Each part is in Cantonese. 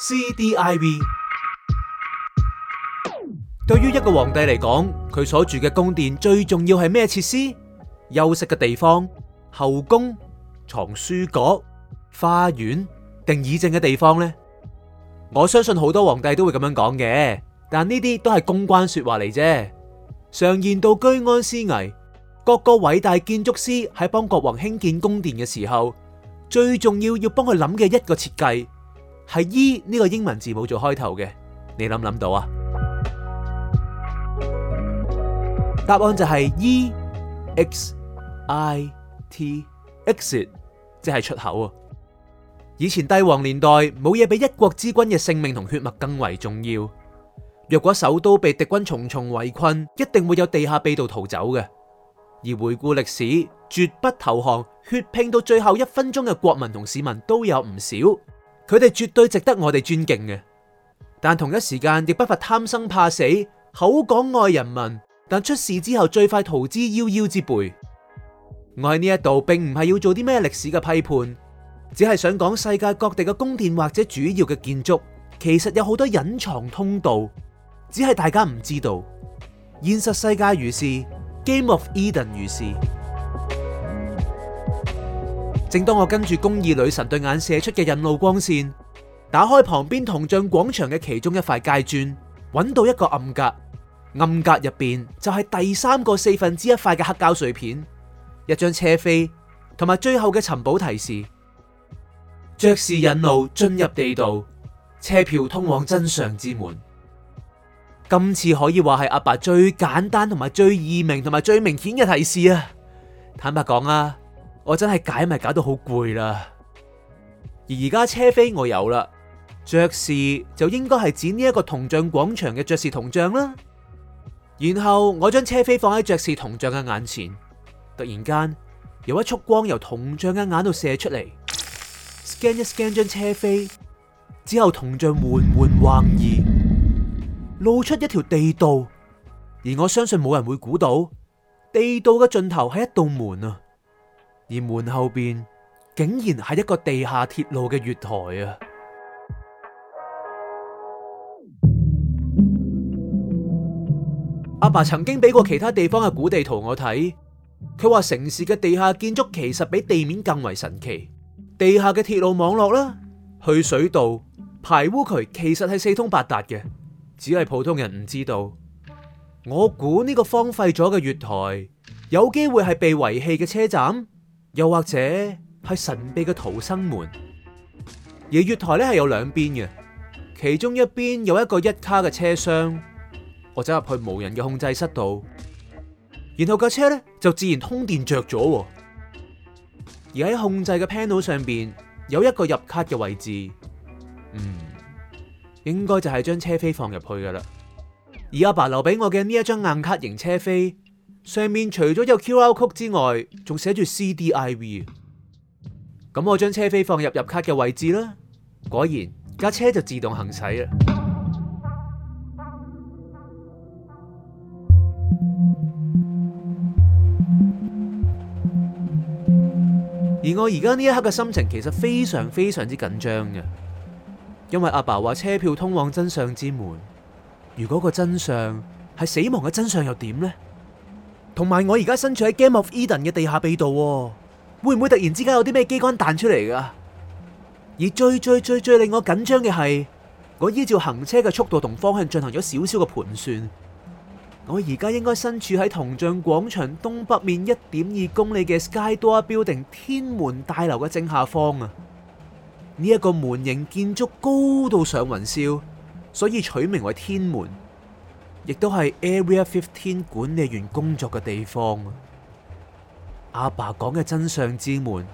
C D I V。對於一個皇帝嚟講，佢所住嘅宮殿最重要係咩設施？休息嘅地方、後宮、藏書閣、花園、定議政嘅地方呢？我相信好多皇帝都會咁樣講嘅，但呢啲都係公關說話嚟啫。常言道，居安思危。各個偉大建築師喺幫國王興建宮殿嘅時候，最重要要幫佢諗嘅一個設計。係 E 呢個英文字母做開頭嘅，你諗唔諗到啊？答案就係 E X I T，EXIT，即係出口啊！以前帝王年代冇嘢，比一國之君嘅性命同血脈更為重要。若果首都被敵軍重重圍困，一定會有地下秘道逃走嘅。而回顧歷史，絕不投降、血拼到最後一分鐘嘅國民同市民都有唔少。佢哋絕對值得我哋尊敬嘅，但同一時間亦不乏貪生怕死、口講愛人民，但出事之後最快逃之夭夭之輩。我喺呢一度並唔係要做啲咩歷史嘅批判，只係想講世界各地嘅宮殿或者主要嘅建築，其實有好多隱藏通道，只係大家唔知道。現實世界如是，Game of Eden 如是。正當我跟住公義女神對眼射出嘅引路光線，打開旁邊銅像廣場嘅其中一塊階磚，揾到一個暗格，暗格入邊就係第三個四分之一塊嘅黑膠碎片、一張車飛同埋最後嘅尋寶提示。爵士引路，進入地道，車票通往真相之門。今次可以話係阿爸最簡單同埋最易明同埋最明顯嘅提示啊！坦白講啊～我真係解咪搞到好攰啦。而而家車飛我有啦，爵士就應該係指呢一個銅像廣場嘅爵士銅像啦。然後我將車飛放喺爵士銅像嘅眼前，突然間有一束光由銅像嘅眼度射出嚟，scan 一 scan 張車飛之後，銅像緩緩橫移，露出一條地道，而我相信冇人會估到地道嘅盡頭係一道門啊！而門後邊竟然係一個地下鐵路嘅月台啊！阿爸曾經俾過其他地方嘅古地圖我睇，佢話城市嘅地下建築其實比地面更為神奇。地下嘅鐵路網絡啦、去水道、排污渠，其實係四通八達嘅，只係普通人唔知道。我估呢個荒廢咗嘅月台，有機會係被遺棄嘅車站。又或者係神秘嘅逃生門，而月台咧係有兩邊嘅，其中一邊有一個一卡嘅車廂，我走入去無人嘅控制室度，然後架車咧就自然通電着咗，而喺控制嘅 panel 上邊有一個入卡嘅位置，嗯，應該就係將車飛放入去噶啦，而阿爸留俾我嘅呢一張硬卡型車飛，上面除咗有 QR CODE 之外，仲寫住 CDIV。咁我將車飛放入入卡嘅位置啦，果然架車就自動行駛啦。 而我而家呢一刻嘅心情其實非常非常之緊張嘅，因為阿爸話車票通往真相之門。如果個真相係死亡嘅真相，又點呢？同埋，我而家身處喺 Game of Eden 嘅地下秘道，會唔會突然之間有啲咩機關彈出嚟噶？而最最最最令我緊張嘅係，我依照行車嘅速度同方向進行咗少少嘅盤算，我而家應該身處喺銅像廣場東北面一點二公里嘅 Sky Door Building 天門大樓嘅正下方啊！呢、這、一個門型建築高度上雲霄，所以取名為天門。亦都係 Area Fifteen 管理員工作嘅地方。阿爸講嘅真相之門，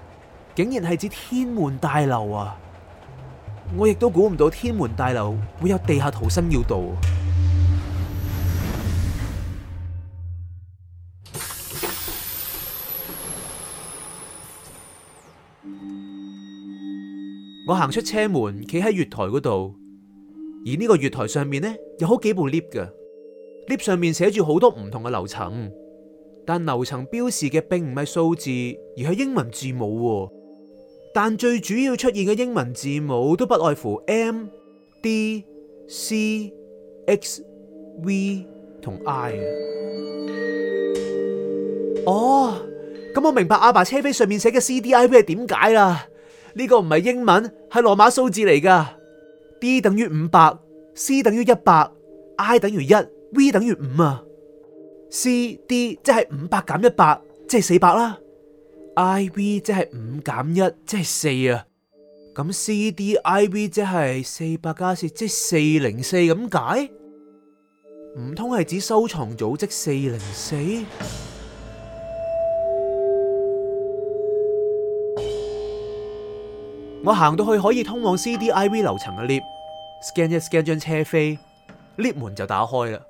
竟然係指天門大樓啊！我亦都估唔到天門大樓會有地下逃生要道。 我行出車門，企喺月台嗰度，而呢個月台上面呢，有好幾部 lift 嘅。lift 上面寫住好多唔同嘅樓層，但樓層標示嘅並唔係數字，而係英文字母、哦。但最主要出現嘅英文字母都不外乎 M D, C, X, V,、D、C、X、V 同 I 哦，咁、嗯、我明白阿爸車飛上面寫嘅 CDIV 係點解啦。呢、這個唔係英文，係羅馬數字嚟噶。D 等於五百，C 等於一百，I 等於一。V 等於五啊，CD 即係五百減一百，即係四百啦。IV 即係五減一，即係四啊。咁 CDIV 即係四百加四，即係四零四咁解？唔通係指收藏組織四零四？ 我行到去可以通往 CDIV 樓層嘅 lift，scan 一 scan 張車飛，lift 門就打開啦。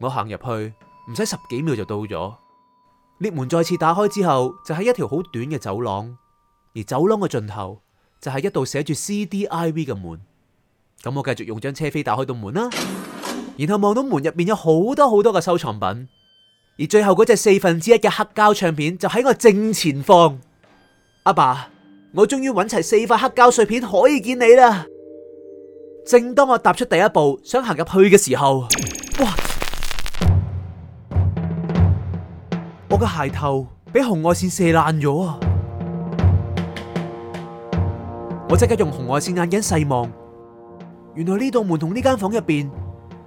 我行入去，唔使十幾秒就到咗 𨋢 門。再次打開之後，就喺一條好短嘅走廊，而走廊嘅盡頭就係一度寫住 C D I V 嘅門。咁我繼續用張車飛打開度門啦，然後望到門入面有好多好多嘅收藏品，而最後嗰隻四分之一嘅黑膠唱片就喺我正前方。阿爸，我終於揾齊四塊黑膠碎片，可以見你啦！正當我踏出第一步，想行入去嘅時候。個鞋頭俾紅外綫射爛咗啊！我即刻用紅外綫眼鏡細望，原來呢道門同呢間房入邊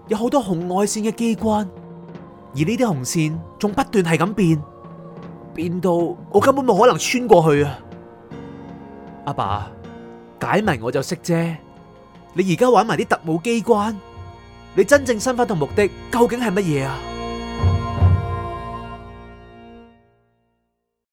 有好多紅外綫嘅機關，而呢啲紅綫仲不斷係咁變，變，變到我根本冇可能穿過去啊！阿爸，解謎我就識啫，你而家玩埋啲特務機關，你真正身份同目的究竟係乜嘢啊？